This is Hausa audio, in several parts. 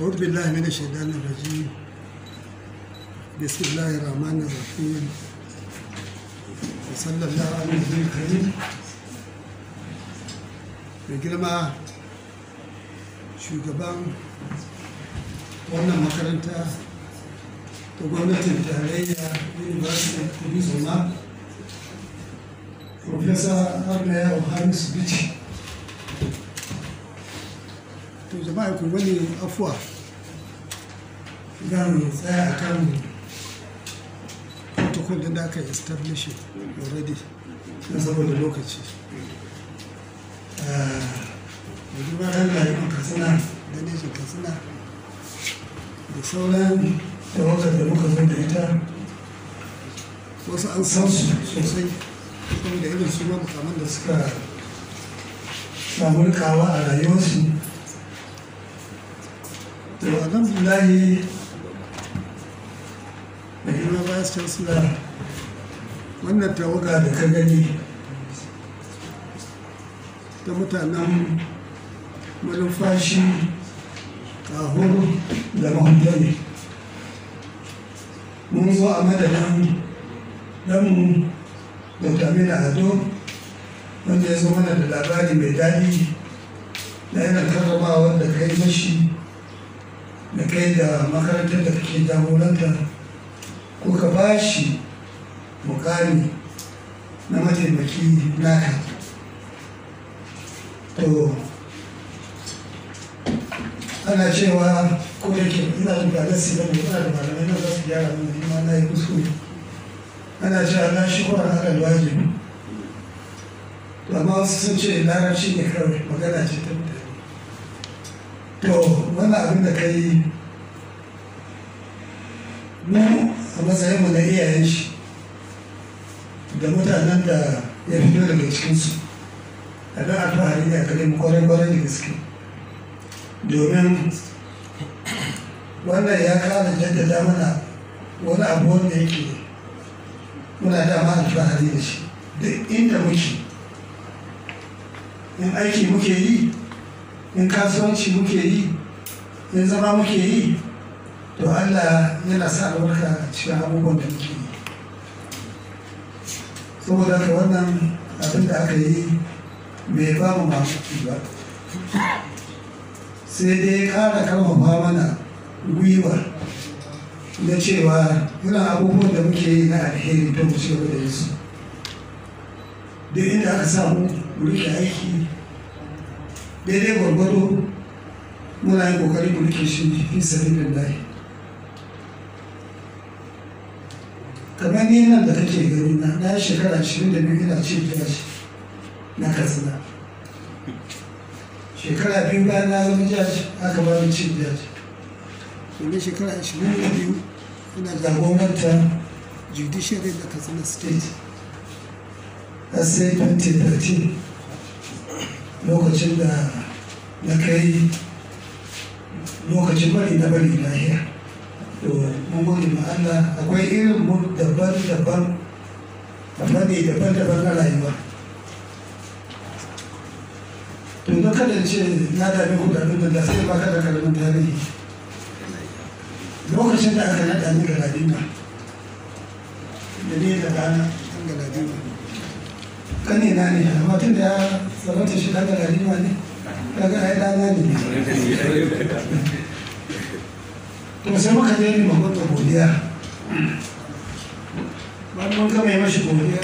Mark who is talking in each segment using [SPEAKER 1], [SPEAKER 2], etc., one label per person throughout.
[SPEAKER 1] أعوذ بالله من الشيطان الرجيم بسم الله الرحمن الرحيم
[SPEAKER 2] وصلى الله على النبي الكريم mai girma shugaban wannan makaranta ta gwamnatin tarayya university of turism professor abnaya oharisu bichi jama'a ku wani afuwa za mu tsaya a kan protocol da aka establish already na saboda lokaci ah, da girma ran ya kuka suna da ne ka suna da sauran da wakar da muka zo da ita wasu an san su sosai kuma da irin su ma da suka samu kawa a rayuwarsu alhamdulahi da girma vice chancellor wannan tawaga da ka gani ta mutanen manufashi kahuru da mahudani mun zo a madadin ɗanmu dr amina ado wanda ya zo mana da labari mai daɗi na yana wanda ka yi da kai da makarantar da kake jagoranta ka ba shi mukami na mataimaki naka to ana cewa ko da ke ina da ba su da ne da malamai na za su gyara mun ni na yi ana cewa na shi kuma na kan to amma wasu sun ce larabci ne kawai magana ce ta to wani abin da ka yi mu a matsayinmu na iyayen shi da mutanen da ya fito daga cikinsu abin alfahari ne a kare mu kwarai-kwarai da gaske domin wannan ya kara jaddada mana wani abu wanda yake muna dama alfahari da shi Da inda muke in aiki muke yi in kasuwanci muke yi in zama muke yi to allah yana sa albarka cikin abubuwan da muke yi saboda ka wannan abin da aka yi bai ba mu mamaki ba sai dai ya kara karfafa mana gwiwa na cewa yana abubuwan da muke yi na alheri don mu da yasu duk inda aka samu wuri aiki daidai gwargwado muna yin kokari ku rike shi fi sabilin lahi kamar ni nan da kake gari na na shekara 22 ina ce jaji na katsina shekara biyu bayan na zama jaji aka ba ni cin jaji domin shekara 22 ina jagoranta judiciary da katsina state A sai 2013 lokacin da na kai lokacin bari na bari lahiya to mun ma Allah akwai irin mu daban-daban bane daban-daban na rayuwa to na kada ce na dami ku da abin da sai ba ka da tarihi lokacin da aka nada ni ladina da ne da ɗana ɗan galadima ƙanina ne amma tun da ta shi da rayuwa ne kaga ai dana ne to sai muka je ne ta godiya bayan mun gama yi mashi godiya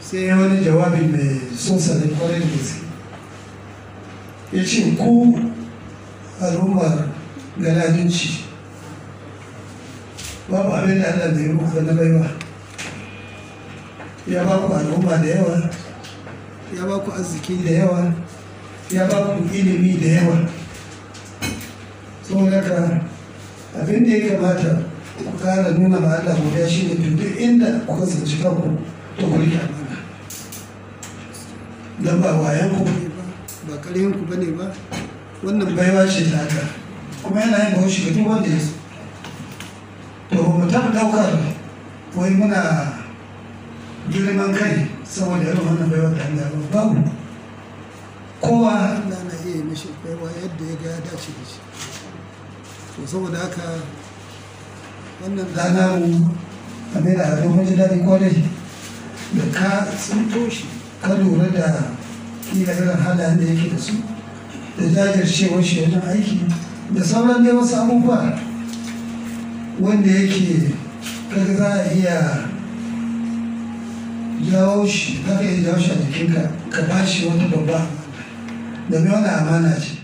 [SPEAKER 2] sai ya wani jawabi mai son sanin kwarai da gaske ya ce ku al'ummar galadinci babu abin da allah bai muku da na baiwa ya ba ku al'umma da yawa ya ba ku arziki da yawa ya ba ku ilimi da yawa sun ka abin da ya kamata ku kara nuna ba Allah godiya shi ne tuntun inda ku tsinci kanku ta kuri rike mana. dan ba wayan ku ba ƙaryan ku bane ba wannan baiwa ce ta haka kuma yana yin bahaushe ga duk wanda ya so to mu taɓa ɗaukar wai muna girman kai saboda irin wannan baiwar da Allah ba babu kowa Allah na iya mishi baiwa yadda ya ga dace da shi to saboda haka wannan dana mu mai da haɗu mun ji daɗi da ka sun shi ka lura da kila irin halayen da yake da su da jajircewar shi wajen aiki da sauran neman samun ba wanda yake kaga za a iya jawo shi za ka iya jawo shi a jikinka ka ba shi wata babba domin wani amana ce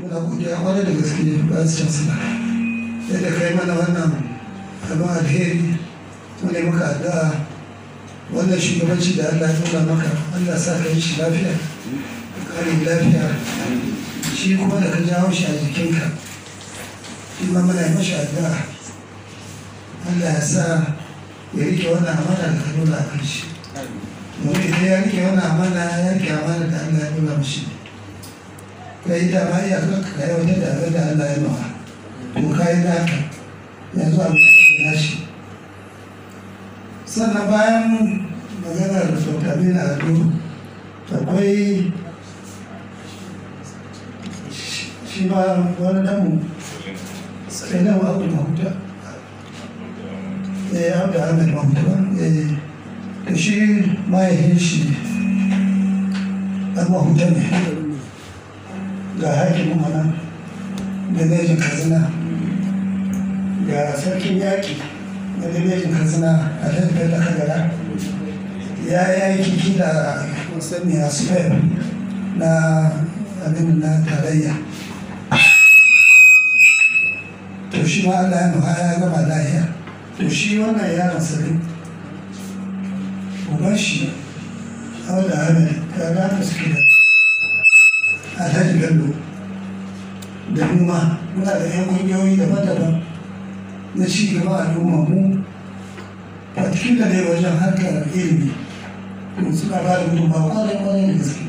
[SPEAKER 2] muna godiya kwanar da gaske ne ba su can suna yadda kai mana wannan abin alheri mune muka addu'a wannan shugabanci da Allah ya nuna maka Allah sa ka yi shi lafiya ƙarin lafiya shi kuma da ka jawo shi a jikinka shi ma muna yi mashi addu'a Allah ya sa ya rike wannan amana da ka nuna a kan shi domin idan ya rike wani amana ya rike amana da Allah ya nuna mishi kai da ma iya zuwa ka kai wajen da abin da Allah ya nuna ko kayi naka yanzu abin da ya shi sannan bayan maganar Dr. Amina Ado akwai shi ba wani damu sai na wa abu mahuta eh abu da ahmed mahuta eh da shi mahaifin shi ɗan mahuta ne ga hakimin mana da nejin kazina ga sarkin yaƙi da nejin kazina a tafiya da ya yi aiki kila sani a spain na abin na tarayya to ma Allah ya gama lahiya to shi wannan yaron sarin bashi haula hadari ta gata suke da alhaji bello da noma muna da yan kungiyoyi daban-daban na ci gaba a noma mu particular ne wajen harkar ilimi suna ba da mutum ba kwarai kwarai da gaske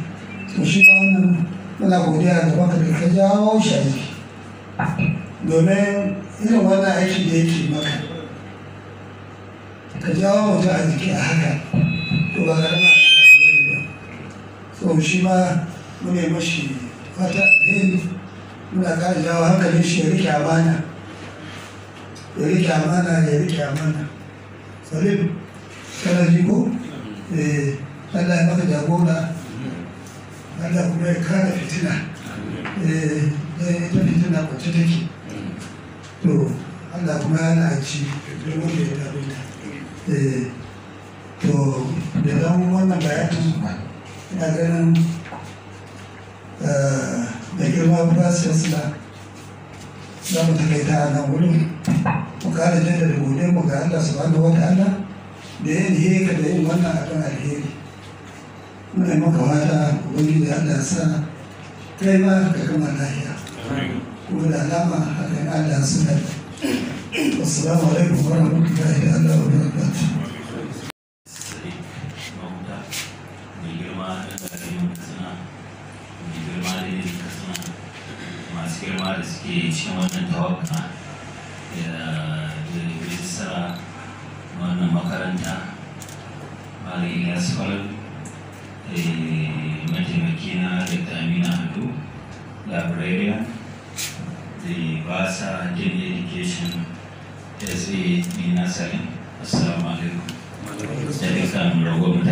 [SPEAKER 2] to shi ma wannan muna godiya da baka da ka jawo shi aiki domin irin wannan aiki da yake maka ka jawo mutum a jiki a haka to na karama ne ba so shi ma mune mashi fata alheri muna kara jawo hankali shi ya rike amana ya rike amana ya rike amana salim kana ji ko eh Allah ya maka jagora Allah kuma ya kara fitina eh ita fitina kwace take to Allah kuma yana ci don wanda ya dawo ta eh to da don wannan bayanin ina ganin da eh, girma process na za mu takaita a nan wurin mu kara jinda da gode mu ga Allah subhanahu wa ta'ala da ya yi ka da yin wannan akan alheri muna maka fata ubangiji da Allah sa kai ma ka gama lafiya kuma da alama hakan Allah suna assalamu alaikum warahmatullahi
[SPEAKER 1] ta'ala wa barakatuh ke cikin wannan tawaga da rajistara wannan makaranta malam e falal eh, mataimaki na dr amina hadu librarian da basa education sa nina salim assalamu alaikum assalamu alaikum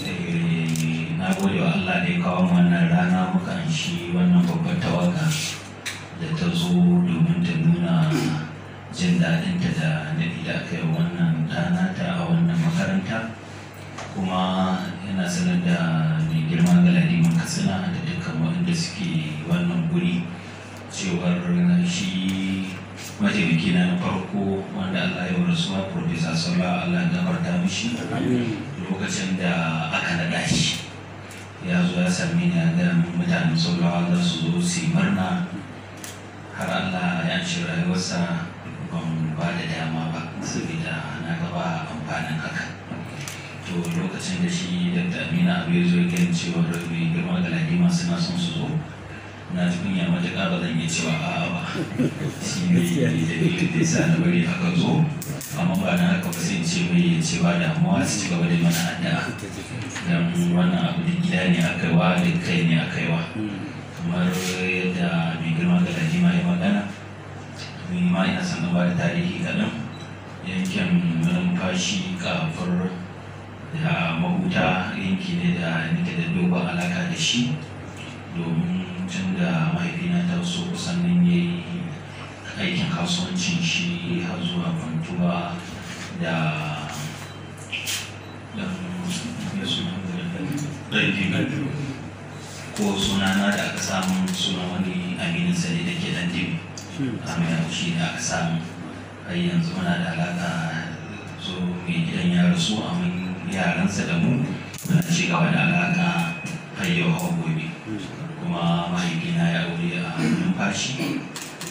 [SPEAKER 1] eh, na gode wa allah da ya shi wannan babbar tawaga da ta zo domin ta nuna jin daɗinta da na da aka wannan ɗana a wannan makaranta kuma yana sanar da mai girma galadiman katsina da dukkan waɗanda suke wannan guri cewar shi mataimaki na farko wanda Allah ya suwa Profesa Sola Allah ya gafarta mishi lokacin da aka naɗa shi ya zo ya sami ni ya gaya min mutanen saulawa za su zo su yi murna har Allah ya ci rayuwarsa ban ba da dama ba saboda na gaba amfanin haka to lokacin da shi da amina abu ya zo ya gani cewa rabi girma da ladima suna son su zo na ji kunya matuƙa ba zan iya cewa a'a ba shi ne da ya sa na bari haka zo amma ba zai ce mai cewa damuwa su ci gaba da mana addu'a don wannan abu da gida ne a kaiwa da kai ne a kaiwa. kamar yadda mai girma ga ma ya magana ni ma ina son ba da tarihi kaɗan yankin numfashi kafar da mahuta yanki ne da nake da dogon alaka da shi domin tun da mahaifina ta so kusan nan ya yi aikin kasuwancin shi har zuwa mantuwa da ko na da aka samu suna wani aminin sani da ke nan dim a mai shi da aka samu har yanzu muna da alaka so mai gidan ya rasu a mun yaransa da mu muna ci gaba da alaka har yau gobe kuma mahaifina ya wuri a numfashi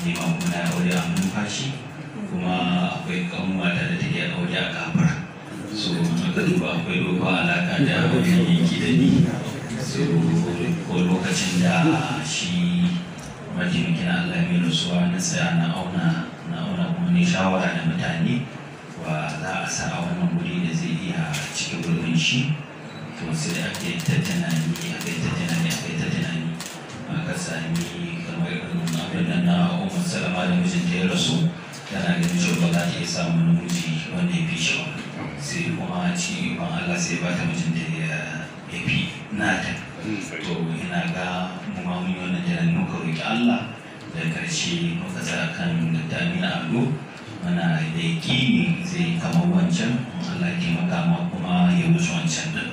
[SPEAKER 1] neman ma kuma a numfashi kuma akwai mata da take aure a kafar so maka duba akwai dogon alaka da wajen yanki da ni so ko lokacin da shi mataimakin Allah mai rasuwa na tsaya na auna na auna kuma ne shawara da mutane wa za a sa a wannan wuri da zai iya cikin wurin shi to sai ake ta ni ake ta tunani ake ta tunani aka sami kamar salama da mijinta ya rasu tana da cewa ba za ta iya samun namiji wanda ya fi shi ba sai kuma a ci ban Allah sai ba ta mijin da ya hmm. fi nata to ina ga mu ma mun yi wannan jiran muka roƙi Allah da ƙarshe muka tsara kan littafi na abu mana da zai kama wancan Allah ya taimaka ma kuma ya wuce wancan din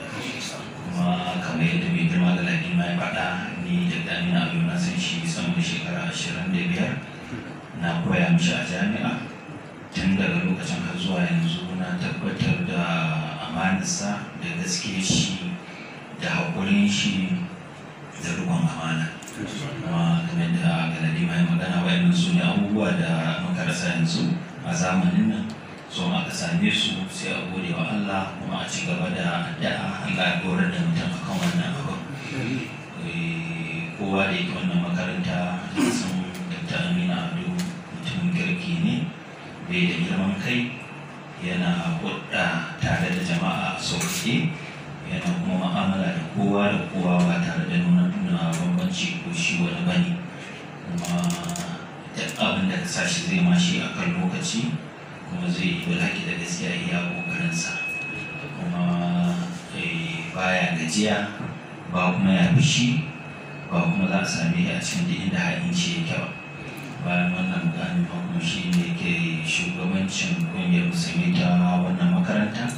[SPEAKER 1] kuma kamar yadda mai girma da ma ya faɗa ni da damina ado na san shi sama da shekara ashirin da biyar na koya mishi a jami'a tun daga lokacin har zuwa yanzu na tabbatar da amanarsa da gaske shi da haƙurin shi da rikon amana kuma kuma da galadi mai magana wayannan su ne abubuwa da muka yanzu a zamanin nan so aka same su sai a gode wa Allah kuma a ci gaba da addu'a Allah ya horar da mutum akan wannan abin eh, kowa da yake wannan makaranta bai da girman kai yana hudda tare da jama'a a yana kuma ma'amala da kowa da kowa ba tare da nuna nuna bambanci ko shi wani bane kuma duk abin da ka sa shi zai mashi a kan lokaci kuma zai yi walaki da gaskiya iya kokarinsa kuma eh, baya gajiya ba kuma ya fushi ba kuma za a sami a cikin duk inda haɗin ce yake ba shi ne ke shugabancin kungiyar musulmi ta wannan makaranta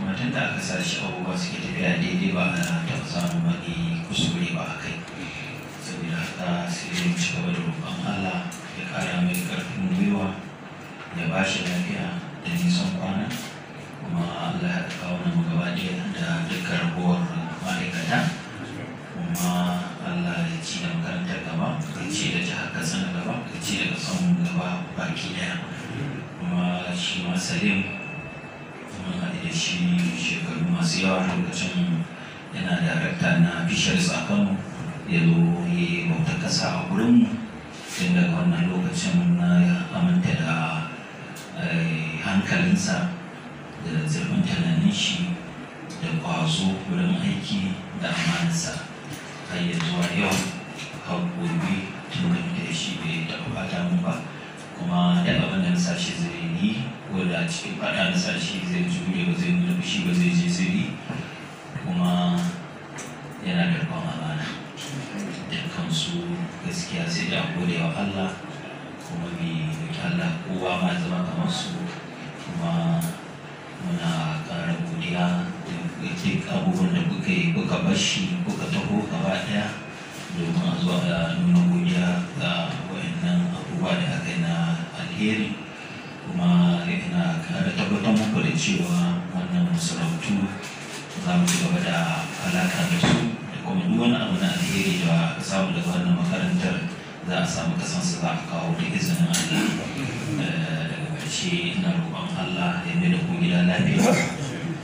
[SPEAKER 1] matan da aka sa shi abubuwa suke tafiya daidai ba a taɓa samun wani kuskure ba a kai saboda haka sai zai ci gaba da roƙon Allah ya ƙara mai ƙarfin gwiwa ya ba shi lafiya da nisan kwana kuma Allah ya kawo na magaba da dukkan rabuwar ma'aikata kuma Allah ya ci da makarantar gaba ya ci da jihar gaba ya ci da kasan gaba baki daya kuma shi ma salim mun haɗu da shi shekaru masu yawa lokacin yana darakta na bishiyar tsakanu ya zo ya yi bauta kasa a gurinmu tun daga wannan lokacin na aminta da eh, hankalinsa da zurfin tunanin shi da kwazo wurin aiki da amanarsa har yi zuwa yau har gobe tun da shi bai taɓa fata mu ba kuma da abin da nasa shi zai yi ko da cikin faɗa na shi zai jure ba zai nuna shi ba zai je sai kuma yana da kwan amana da kansu gaskiya sai da gode wa Allah kuma bi dauki Allah kowa ma zama kamar su kuma muna ƙara godiya yake abubuwan da kuka yi kuka bashi kuka taho gaba daya domin a zuwa da nuna godiya ga wayannan abubuwa da aka yi na alheri kuma yana kare tabbatar muku da cewa wannan masarautu za mu ci gaba da alaka da su da kuma duk wani abu na alheri da samu daga wannan makarantar za a samu su za a kawo da izinin Allah daga eh, ƙarshe ina roƙon Allah ya mai da ku gida lafiya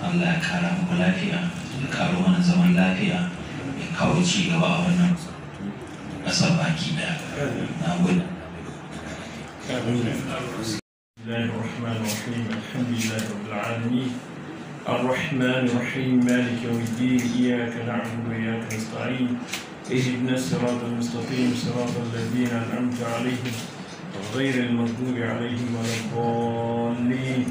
[SPEAKER 1] Allah ya kara muku lafiya ya karo mana zaman lafiya ya kawo ci gaba a wannan ƙasar baki da na gode الرحمن الرحيم مالك يوم الدين إياك
[SPEAKER 2] نعبد وإياك نستعين اهدنا الصراط المستقيم صراط الذين أنعمت عليهم غير المغضوب عليهم ولا الضالين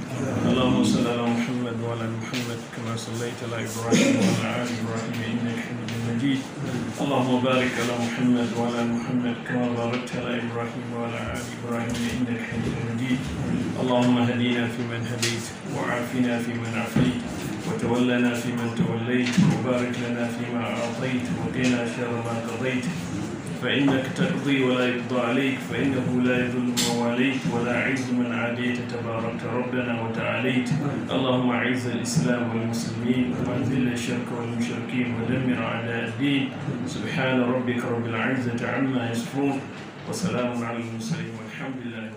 [SPEAKER 2] اللهم صل على محمد محمد وعلى محمد كما صليت على ابراهيم وعلى ال ابراهيم انك حميد مجيد اللهم بارك على محمد وعلى محمد كما باركت على ابراهيم وعلى ال ابراهيم انك حميد مجيد اللهم هدينا فيمن هديت وعافنا فيمن عافيت وتولنا فيمن توليت وبارك لنا فيما اعطيت وقنا شر ما قضيت فإنك تقضي ولا يقضى عليك فإنه لا يذل من واليت ولا يعز من عاديت تبارك ربنا وتعاليت اللهم أعز الإسلام والمسلمين وأذل الشرك والمشركين
[SPEAKER 1] ودمر أعداء الدين سبحان ربك رب العزة عما يصفون وسلام على المرسلين والحمد لله